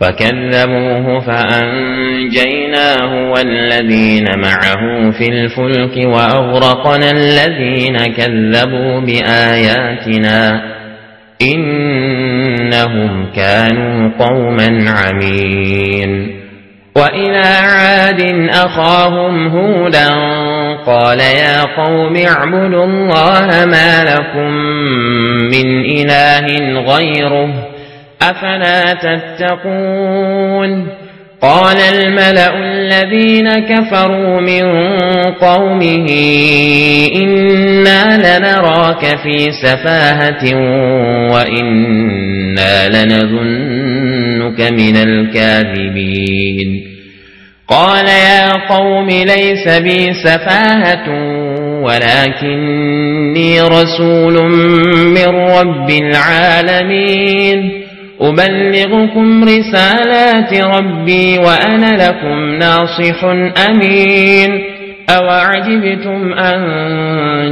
فكذبوه فأنجيناه والذين معه في الفلك وأغرقنا الذين كذبوا بآياتنا إنهم كانوا قوما عمين وإلى عاد أخاهم هودا قال يا قوم اعبدوا الله ما لكم من إله غيره أفلا تتقون قال الملأ الذين كفروا من قومه إنا لنراك في سفاهة وإنا لنظنك من الكاذبين قال يا قوم ليس بي سفاهة ولكني رسول من رب العالمين أبلغكم رسالات ربي وأنا لكم ناصح أمين أوعجبتم أن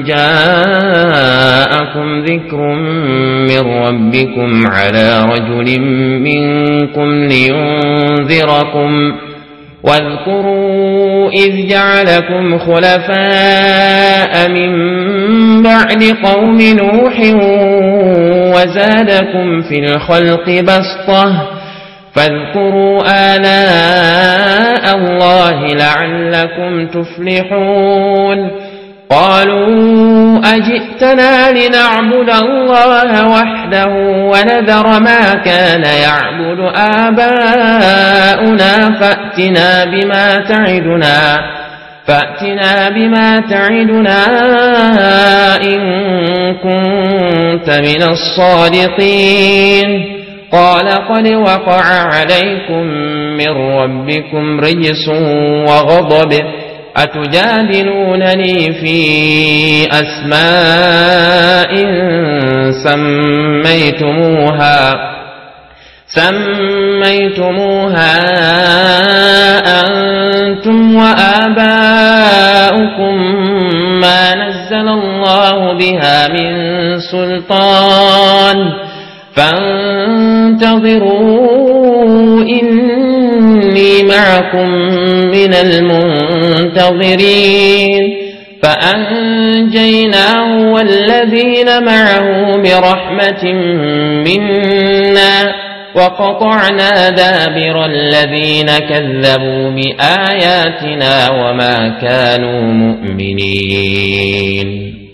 جاءكم ذكر من ربكم على رجل منكم لينذركم واذكروا إذ جعلكم خلفاء من بعد قوم نوح وزادكم في الخلق بسطة فاذكروا آلاء الله لعلكم تفلحون قالوا أجئتنا لنعبد الله وحده ونذر ما كان يعبد آباؤنا فأتنا بما تعدنا فأتنا بما تعدنا إن كنت من الصادقين قال قد وقع عليكم من ربكم رجس وغضب أتجادلونني في أسماء سميتموها سميتموها أنتم وآباؤكم ما نزل الله بها من سلطان فانتظروا إني معكم من المنظرين منتظرين فأنجيناه والذين معه برحمة منا وقطعنا دابر الذين كذبوا بآياتنا وما كانوا مؤمنين